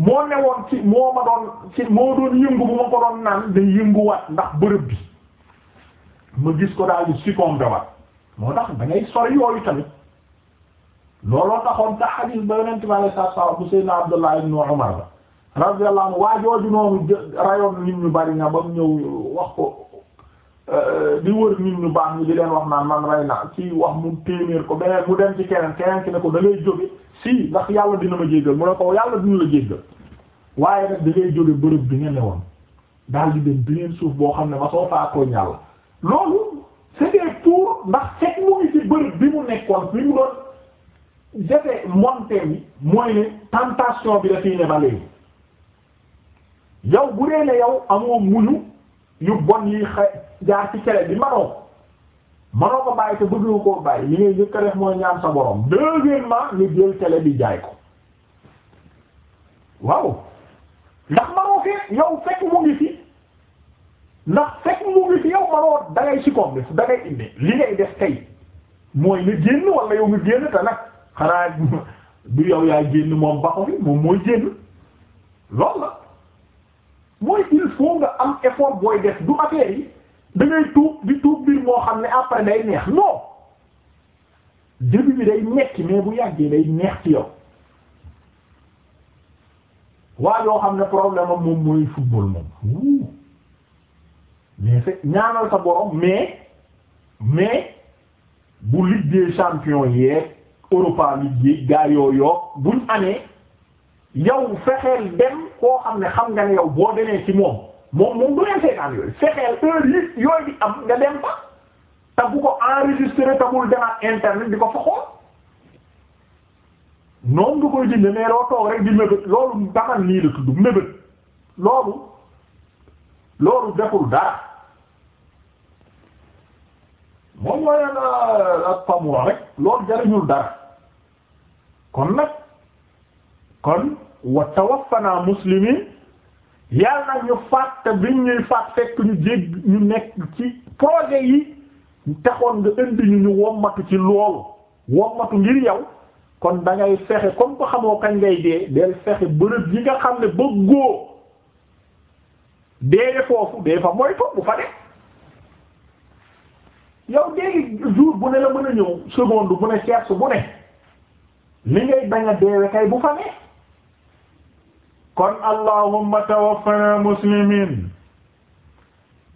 moo newoon ci moo ma doon ci moo doon yëngu bu ma ko doon naan yëngu yënguwaat ndax bërëb bi ma gis ko daal di succomber waat moo tax da ngay sori yooyu tamit looloo taxoon tax hadith ba yonent bi alayhi salaatu salaam bu Seydina Abdullah ibn Umar ba radiyallahu anhu noonu rayoon nit ñu bari nga ba mu ñëw wax ko euh, di wër nit ñu baax ñu di leen wax naan man rey naa ci wax mu téeméer ko beneen mu dem ci keneen keneen ki ne ko da jóge si ndax yàlla dina ma jéggal mu ne ko yàlla dina la jéggal waaye nag da ngay jóge bërëb bi nga newoon daal di dem beneen suuf boo xam ne ma soo faa tooñ yàlla loolu c'était pour ndax fekk mu ngi ci bërëb bi mu nekkoon bi mu doon jafe monté mooy ne tentation bi dafiy ne ba léegi yow bu dee ne yow amoo muñu yu bon yi xa jaar ci cere bi manoo mënoo ko bàyyi te bëgg koo bàyyi li ngay njëkk a def mooy ñaan sa borom deuxièmement ñu jël télé bi jaay ko waaw ndax mënoo fi yow fekk mu ngi fi ndax fekk mu ngi fi yow mënoo da ngay sikkoon bi da indi li ngay def tey mooy nga génn wala yow nga génn te nag xanaa du yow yaa génn moom ba ko fi moom mooy génn loolu la mooy il faut nga am effort booy def du affaire da ngay tuub di tuub biir moo xam ne après day neex non début bi day metti mais bu yàggee day neex ci yow waa yoo xam ne problème am moom mooy football moom wuu mais c'est ñaanal sa borom mais mais bu Ligue des champions yeeg Europa League gaa yoo yoo buñ amee yow fexeel dem koo xam ne xam nga ne yow boo demee ci moom. moom moom du leen seetaan yooyu yooyu di am nga dem fa te ko enregistré te bul demaat internet di ko fa xool noonu nga koy jënd mais loo toog rek di mébét loolu deful dara moom mooy ak pamour rek loolu jariñul dara kon nag kon wa tawaffana muslimin yàlla nag ñu fàtte biñ ñuy fàtt fekk ñu jég ñu nekk ci projet yi taxoon nga indi ñu ñu wommatu ci loolu wommatu ngir yow kon da ngay fexe comme ko xamoo kañ ngay dee del fexe bërëb yi nga xam ne bëggoo dee foofu dee fa moytu bu fa de yow dee jour bu ne la mën a ñëw seconde bu ne cherche bu ne li ngay bañ a deewe kay bu fa ne kon allahumma tawaffana muslimin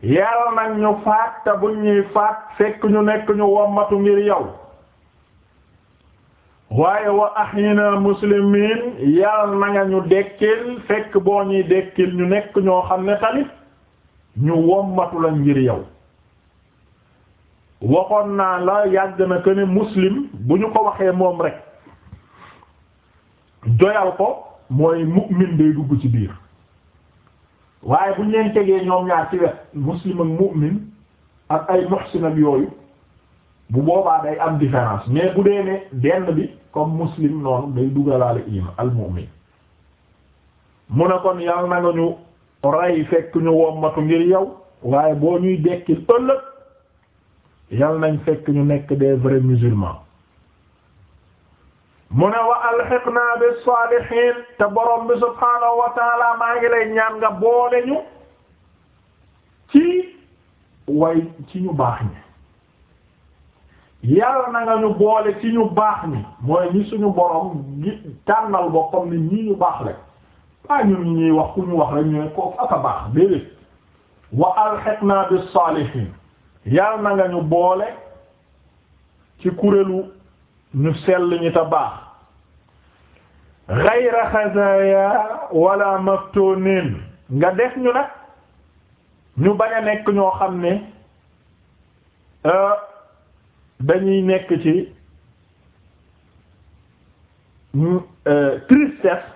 yàlla nag ñu faat te ñuy faat fekk ñu nekk ñu wommatu ngir yow waaye wa ahyina muslimin yàlla na nga ñu dekkil fekk boo ñuy dekkil ñu nekk ñoo xam ne tamit ñu wommatu la ngir yow waxoon naa la yàgg na que ne muslim bu ñu ko waxee moom rek doyal ko mooy mu'min day dugg ci biir waaye buñ leen tegee ñoom ñaar ci wet muslim ak mu'min ak ay muhsin ak yooyu bu boobaa day am différence mais bu dee ne benn bi comme muslim noonu day duggalaale iman al mu'min a ne kon yàlla na nga ñu rey fekk ñu wommatu ngir yow waaye boo ñuy dekkil ëllëg yàlla nañ fekk ñu nekk des vrais musulmans mu ne wa alxiqna bis-saalihiin te borom bi subhaanahu wa maa ngi lay ñaan nga boole ñu ci way ci ñu baax ñi yàlla na nga ñu boole ci ñu baax ñi mooy ñi suñu borom gi tànnal boppam ni ñii ñu baax lañ pas ñun ñuy wax ku ñu wax rek ñu ne kooku ak a baax déedéet wa alxiqna bis-saalihiin yàlla na nga ñu boole ci kurélu ñu sell ñi te baax xayra walla wala maftunin nga def ñu nag ñu bañ a nekk ñoo xam ne euh, dañuy nekk ci mm, euh, tristesse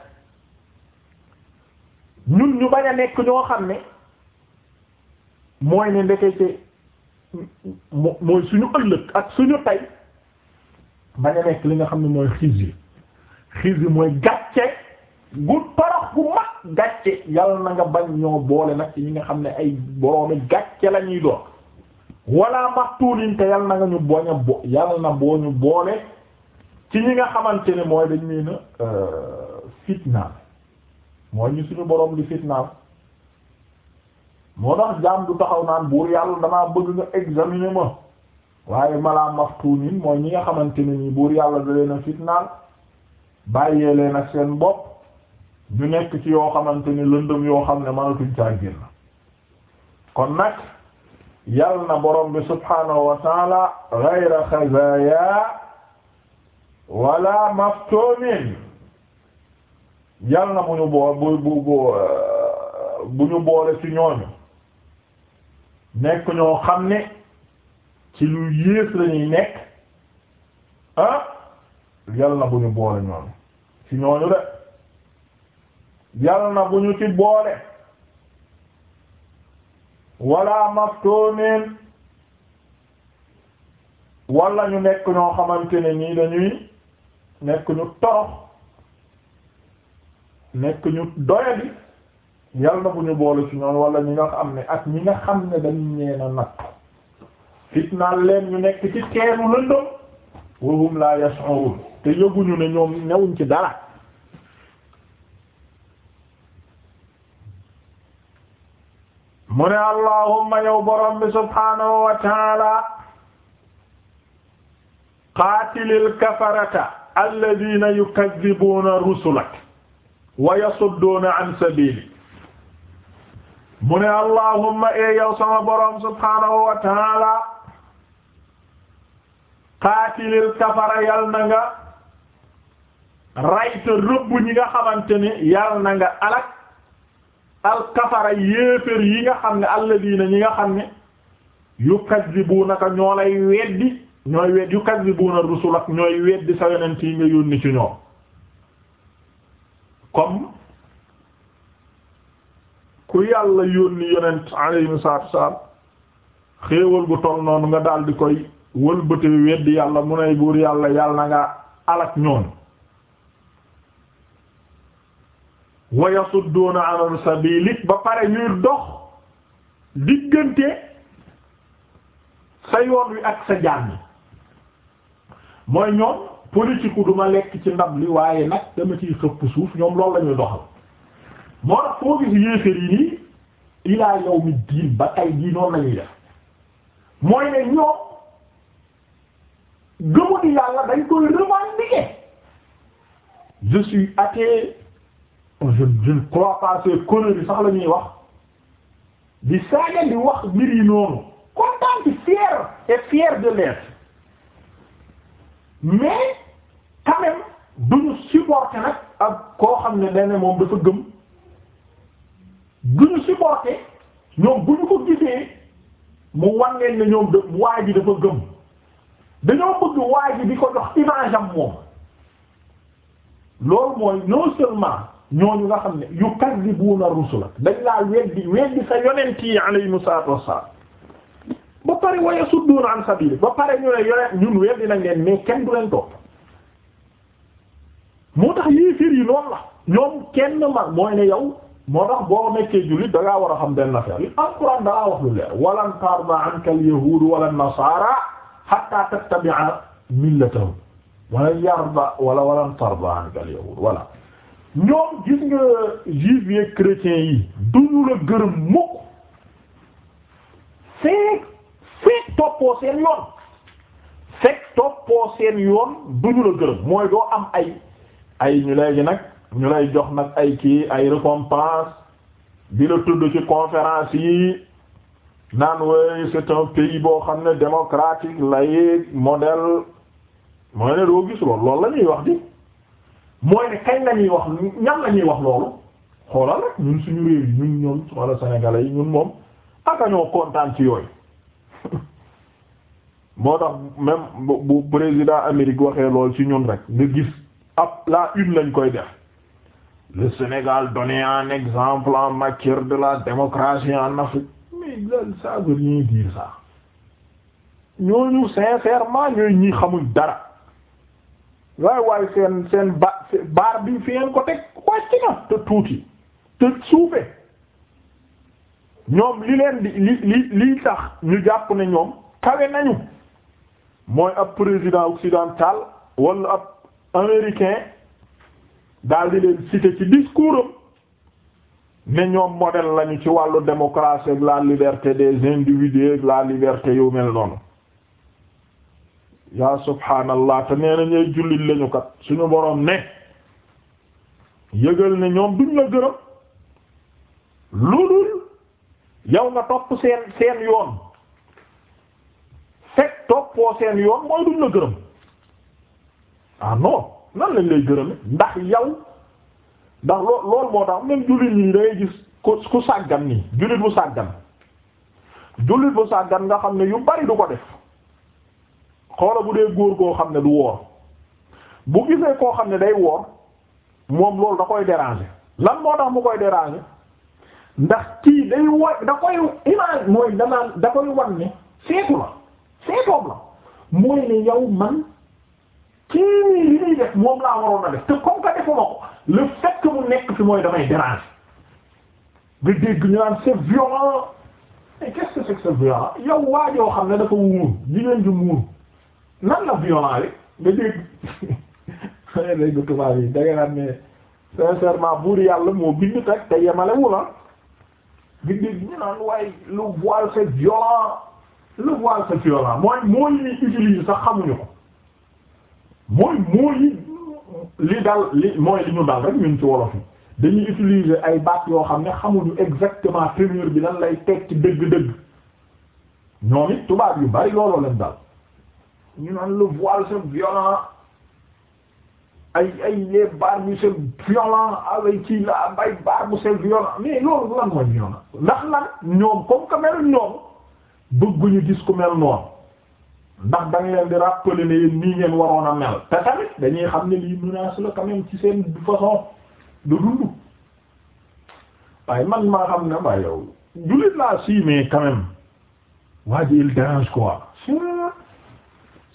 ñun ñu bañ a nekk ñoo xam ne mooy ne ndekete mooy suñu ëllëg ak suñu tey bañ a nekk li nga xam ne mooy xiis yi xiis bi mooy gàcce gu torox gu mag gàcce yàlla na nga bañ ñoo boole nag ci ñi nga xam ne ay boroomi gàcce la ñuy doon wala maxtuulin te yàlla na nga ñu boñ a bo yàlla na boo ñu boole ci ñi nga xamante ne mooy dañ nee na euh, fitnaal mooy ñu suñu boroom di fitnaal moo tax jaam du taxaw naan buur yàlla damaa bëgg nga examiner ma waaye malaa maxtuulin mooy ñi nga xamante ne nii buur yàlla da leen fitnaal bàyyee leen ak seen bopp ñu nekk ci yoo xamante ni lëndëm yoo xam ne mënatuñ caa génn kon nag yal na borom bi subhaanahu wa taala ghayra xazaya wala maftunin yal bu ñu bool bu bu euh, bu ñu boole ci ñooñu nekk ñoo xam ne ci lu yées lañuy nekk ah yal na bu ñu boole ñooñu ci ñooñu de yàlla na bu ñu ci boole wala maftunin wala ñu nekk ñoo xamante ne nii dañuy nekk ñu torox nekk ñu doyadi yàlla na bu ñu boole ci ñoom wala ñi nga xam ne ak ñi nga xam ne dañu ñeen a natt fitnaal leen ñu nekk ci teenu lëndëm wahum la yash'urun te yëguñu ne ñoom newuñ ci dara mu ne allahumma yow borom bi subhaanahu wa taala qaatilil kafarata alladina yukadibuuna rusulak wa yasudduuna an sabili mu ne allahumma e yow sama borom subhaanahu wa taala qaatilil kafara yal rayta rëbb ñi nga xamante ni yàlla na nga alak alkafara yéefér yi nga xam ne alladina ñi nga xam ne yukazzibunaka ñoo lay weddi ñooy wedd yukazzibuna rusul ak ñooy weddi sa yonent yi nga yónni ci ñoom comme ku yàlla yónni yonent alayhi salaatu salaam xéewal gu toll noonu nga daal di koy wëlbate weddi yàlla mu nay buur yàlla yàlla na nga alak ñoon wa yasudduuna an sabilik ba pare ñuy dox diggante sa yoon wi ak sa jàmm mooy ñoom politique duma lekk ci ndab li waaye nag dama ciy xëpp suuf ñoom loolu la ñuy doxal moo tax foo gis yéefér yi nii ilaa yawmi diin ba tay jii noonu lañuy def mooy ne ñoom gëmu yàlla dañ koy revendiquer je suis athée je ne crois pas ces sax la ñuy wax di saaga di wax mbir yi noonu content ci fier et fier de l'être mais quand même duñu supporter nag ak koo xam ne nee moom dafa gëm duñu supporter ñoom bu ñu ko gisee mu wan leen ne ñoom de waay ji dafa gëm dañoo bëgg waay ji di ko jox image am moom loolu mooy non seulement ñooñu nga xam ne yukazzibuuna rusula dañ laa weddi weddi sa yonent yi alayhimu salaatu wassalaam ba pare wa yasudduuna an sabiili ba pare ñu ne yonent ñun nañ leen mais kenn du leen topp moo tax yii yi noonu la kenn mag mooy ne yow moo tax boo nekkee jullit da ngaa war a xam benn affaire li alquran da ngaa wax lu leer walan tarda anka alyahuud wala nasaara hatta tattabi'a wala tarda anka alyahuud wala ñoom gis nga juifs yi chrétiens yi la gërëm mukk fekk fekk toppoo seen yoon fekk toppoo seen yoon duñu la gërëm mooy doo am ay ay ñu léegi nag ñu lay jox nag ay kii ay récompense di la tudd ci conférence yi naan way c'est un pays boo xam ne démocratique laïque modèle mooy ne doo gis loolu loolu lañuy wax di mooy ne kañ la ñuy wax ñan la ñuy wax loolu xoolal rek ñun suñu réew yi ñun ñoom wala sénégalais yi ñun moom aka ñoo kontaan ci yooyu moo tax même bu président Amérique waxee lool ci ñun rek nga gis ab la une lañ koy def le Sénégal donné un exemple en matière de la démocratie en Afrique mais loolu ça veut rien dire ça ñooñu sincèrement ñooy ñi xamuñ dara waay waay seen seen ba baar bi fi ngeen ko teg wàcc na te tuuti te suufe ñoom li leen di li li lii tax ñu jàpp ne ñoom kawe nañu mooy ab président occidental wala ab américain daal di leen citer ci discours ne ñoom modèle lañu ci wàllu démocratie ak la liberté des individus ak la liberté yu mel noonu yaa subhaanallah te nee na ñooy jullit lañu kat suñu boroom ne yëgal ne ñoom duñ la gërëm loolu yow nga topp seen seen yoon fekk toppoo seen yoon mooy duñ la gërëm ah non nan lañ lay gërëme ndax yow ndax loo loolu moo tax même jullit ñi day gis ku ku sàggan nii jullit bu sàggan jullit bu sàggan nga xam ne yu bari du ko def xoola bu dee góor koo xam ne du woor bu gisee koo xam ne day woor moom loolu da koy déranger lan moo tax mu koy déranger ndax kii day woy da koy image mooy danaan da koy wan ne seetu la seetoom yow man kii nii moom laa waroon a te ko le fait que mu nekk fi mooy damay déranger nga dégg ñu naan c'est violent et qu'est-ce waajoo xam ne da ko wuur jigéen ju muur nan la violent rek nga dégg nga tubaab yi da nga naan ne sincèrement buur yàlla moo bind tak te yemalewul ah nga dégg ñu naan waaye le voile c'est violent le voile c'est violent mooy mooy li utilise sax xamuñu ko mooy mooy li dal li mooy li ñu dal rek ñun ci wolof yi dañuy utiliser ay baat yoo xam ne xamuñu exactement teneur bi lan lay teg ci dëgg-dëgg ñoom tubaab yu bari looloo leen dal ñu naan le voile c'est violent ay ay les barbes c'est violent avec ah ci la bay violent mais loolu lan mooy violent ndax lan ñoom comme que mel ñoom bëgguñu gis ku mel noonu ndax da di rappeler ne yéen nii ngeen waroon a mel te tamit dañuy xam ne lii menace la quand ci seen façon de dund waaye man maa xam ne ma yow jullit laa si mais waa ji il dérange quoi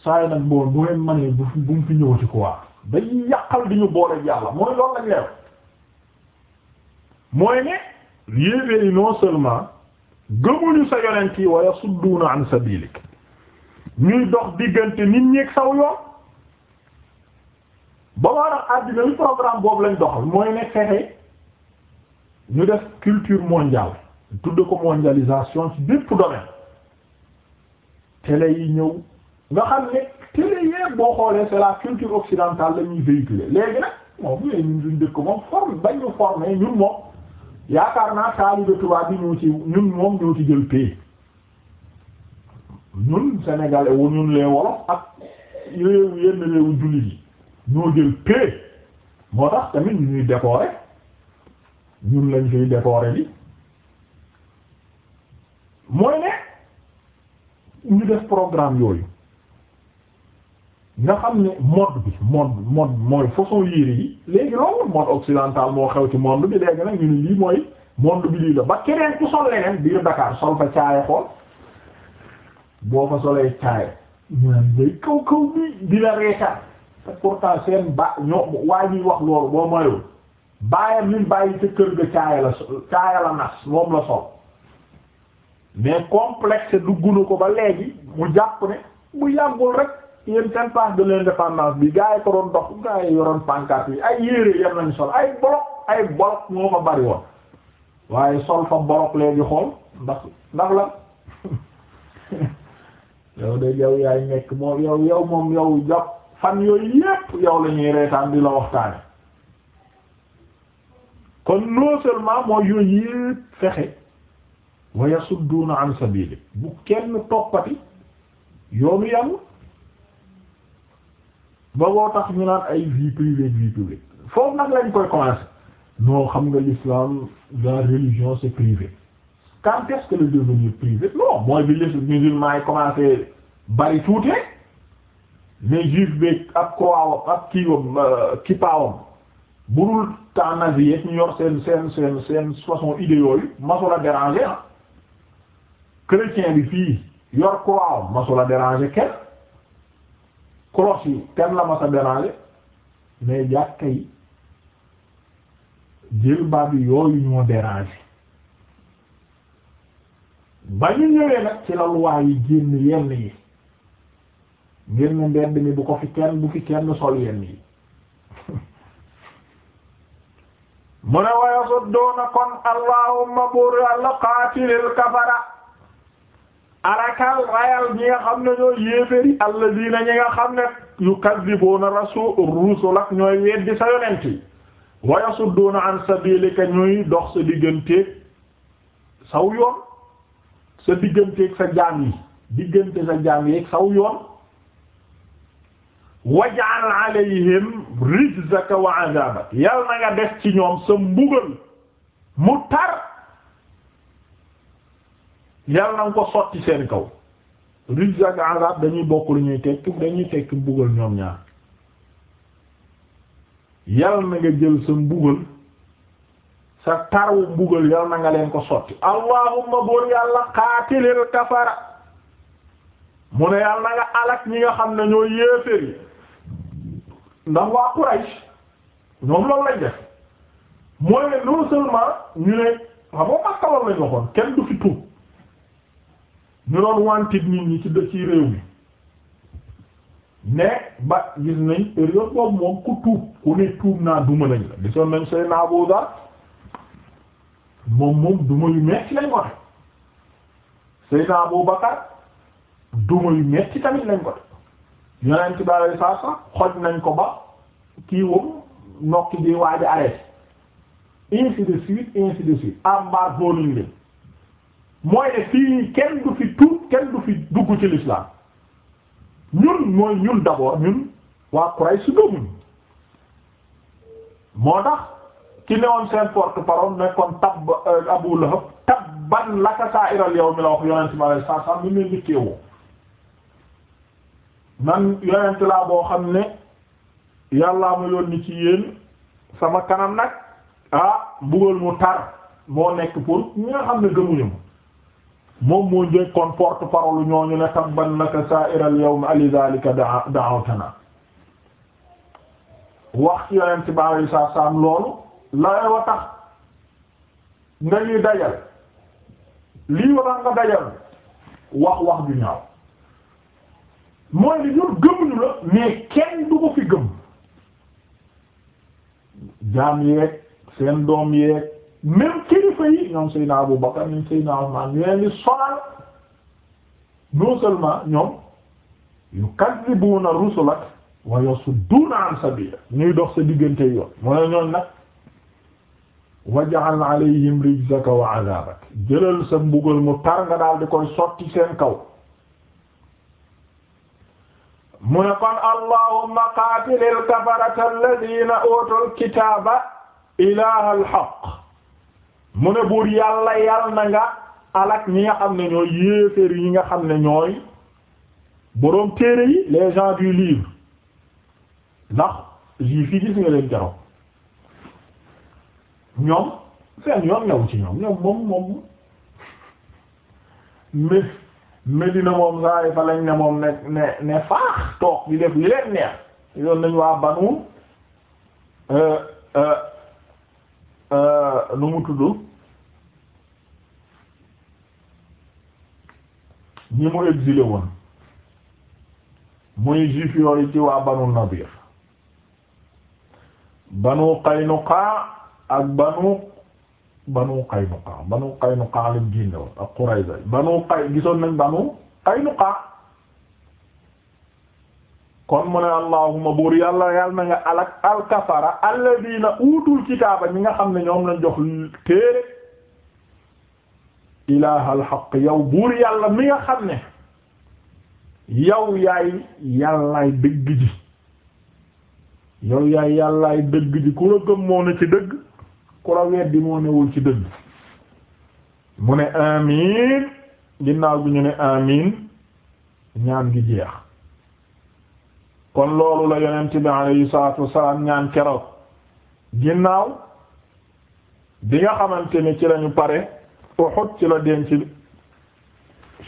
saa nag boo bu ngeen mënee bu bu mu fi ñëwati quoi day yàqal di ñu boole yàlla mooy loolu lañ leew mooy ne yéeféer yi non seulement gëmuñu sa yonent yi wa yasudduuna an sabilik ñuy dox diggante nit ñeeg saw yoon ba war a àddina lu programme boobu lañ doxal mooy ne fexe ñu def culture mondiale tudd ko mondialisation ci bépp domaine télé yi ñëw nga xam ne télé yépp boo xoolee c'est la culture occidentale la ñuy véhiculer léegi nag moom bu dee ñun suñu dëkk moom forme bañ ñu formé ñun moom yaakaar naa taalu de tubaab bi ci ñun moom ñoo ci jël pay ñun sénégalais wu ñun les wolof ak réew yenn réewu jullit yi ñoo jël pay moo tax tamit ñu ñuy décorer ñun lañ fiy décorer bi mooy ne ñu def programme yooyu. nga xam ne mode bi mode mode mooy façon yére yi léegi loolu mode occidental moo xew ci monde bi léegi nag ñu ne lii mooy monde bi lii la ba keneen ku sol leneen biir Dakar sol fa caaya xool boo fa solee caaya ñu naan day kaw kaw bi di ñuy wax loolu boo mayul bàyyam min bàyyi ca kër ga caaya la caaya la nas moom la sol mais complexe dugg na ko ba léegi mu jàpp ne mu yàggul rek yéen seen place de l'indépendance bi gars yi ko doon dox gars yi yoroon pancarte yi ay yére yam nañ sol ay bolok ay bolok moo ko bari woon waaye sol fa bolok léegi xool ndax ndax la yow de yow yaay nekk moom yow yow moom yow jàpp fan yooyu yépp yow la ñuy reetaan di la waxtaane kon non seulement mooy yooyu yépp fexe wa yasudduuna an sabiili bu kenn toppati yoonu yàlla ba boo tax ñu naan ay vie privée vie publique foofu nag lañ koy commencer non xam nga l'islam la religion c'est privé quand est-ce que devenir privé non mooy bi les musulmans yi commencé bari tuute mais juif beeg ak croawam ak euh, kiiwam kippaawam budul temps nazi yeeg ñu yor seen seen seen seen façon idée yooyu masula déranger ah chrétien bi fii yor croawam masula déranger kenn cross yi kenn la ma sa déranger mais jàkka yi jilbaab yi yooyu ñoo déranger ba ñu ñëwee nag ci la loi yi génn yenn yi ngir ne mbedd mi bu ko fi kenn bu fi kenn sol yenn yi mu ne waya su kon allahumma bur yàlla qaatilil kafara arakal rayal ñi nga xam ne ñooy yéeféri alladina ñi nga xam ne yukazzibuuna rasul rusul ak ñooy weddi sa yonent yi wa yasudduuna an sabilika ñuy dox sa digganteeg saw yoon sa digganteeg sa jaam yi diggante sa jaam yeeg saw yoon waj'al alayhim rijzaka wa azabak yal na nga def ci ñoom sa mbugal mu tar yàlla na nga ko sotti seen kaw rijza ak dañuy bokk lu ñuy tekk dañuy tekk mbugal ñoom ñaar yàlla na nga jël sa mbugal sa tarwu mbugal yàlla na nga leen ko sotti allahumma buur yàlla xaatilil kafara mu ne yàlla nga alak ñi nga xam ne ñoo yéeféer yi ndax waa Quraysh ñoom loolu lañ def mooy ne non seulement ñu ne xam nga Makka lañ waxoon kenn du fi tuub ñu doon wantit nit ñi ci dë ci réew mi ne ba gis nañ période boobu moom ku tuub ku ne tuub naa duma nañ la gisoon nañ say naabodar moom moom duma yu metti lañ ko te Seydina Abu Bakar duma yu metti tamit lañ ko te yonent bi alei saat sax xoj nañ ko ba kii wam nokki di waaj a arrêté ainsi de suite ainsi de suite embargo nañ leen mooy ne fii kenn du fi tuut kenn du fi dugg ci l'islam ñun mooy ñun d'abord ñun waa Quraysh su gëmuñ moo tax ki newoon seen porte-parole nekkoon tab euh, Abu Lahab tabban laka sa'iral yawmi la wax yonent bi alayhi salaam ñu leen di teewoo man yonent laa boo xam ne yàllaa ma yónni ci yéen sama kanam nag ah mbugal mu tar moo nekk pour ñi nga xam ne gëmuñu ma moom moo njëkkoon porte parole ñooñu ne tabban laka sa'ira al-yawm alizalika da'awtana wax ci yonent bi alayhi salaam loolu la wa tax nga ñuy dajal lii wa tax nga dajal wax wax ju ñaaw mooy li ñun gëmuñu la mais kenn du ko fi gëm jaam yeeg seen doom yeeg même kilifa yi ñoom Abu Bakar ñoom Seydina Usmaan ñu leen di sonal non seulement ñoom yukazzibuuna rusulak wa yasudduuna an sabiilak ñuy dox sa diggante yoon mu ne ñoon nag waj'al alayhim rijzaka wa azaabak jëlal sa mbugal mu tar nga daal di koy sotti seen kaw mu ne kon allahumma qaatilil kafarata alladhiina uutul kitaaba ilaahal haqq mu ne buur yàlla yàll na nga alak ñi nga xam ne ñooy yéeféer yi nga xam ne ñooy boroom téere yi les gens du livre ndax juif yi gis nga leen keroog ñoom seen yoon new ci ñoom ñoom moom moom mé Médina moom saa yi fa lañ ne moom ne ne faax toog di def li leen neex yoon nañ waa banu euh, euh, euh, nu mu tudd ñi mu exilé woon muy juif yooyu ci waa banu Nadir banu Qaynuqa ak banu banu Qaynuqa banu Qaynuqa lañ génne woon ak Qurayza banu Qay gisoon nañ banu Qaynuqa kon mu ne allahumma buur yàlla yàlla na nga alak alkafara alladina utul kitaaba ñi nga xam ne ñoom lañ jox téere ilaahal xaq yow buur yàlla mi nga xam ne yow yaay yàllaay dëgg ji yow yaay yàllaay dëgg ji ku la gëm moo ne ci dëgg ku la weddi moo newul ci dëgg mu ne amiin ginnaaw gi ñu ne amiin ñaan gi jeex kon loolu la yonent bi alayhi salaatu wassalaam ñaan keroog ginnaaw bi nga xamante ne ci lañu pare Uhud ci la denc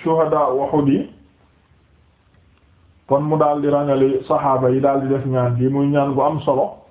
shuhada Uhud yi kon mu daal di rangale saxaaba yi daal di def ñaan bi muy ñaan bu am solo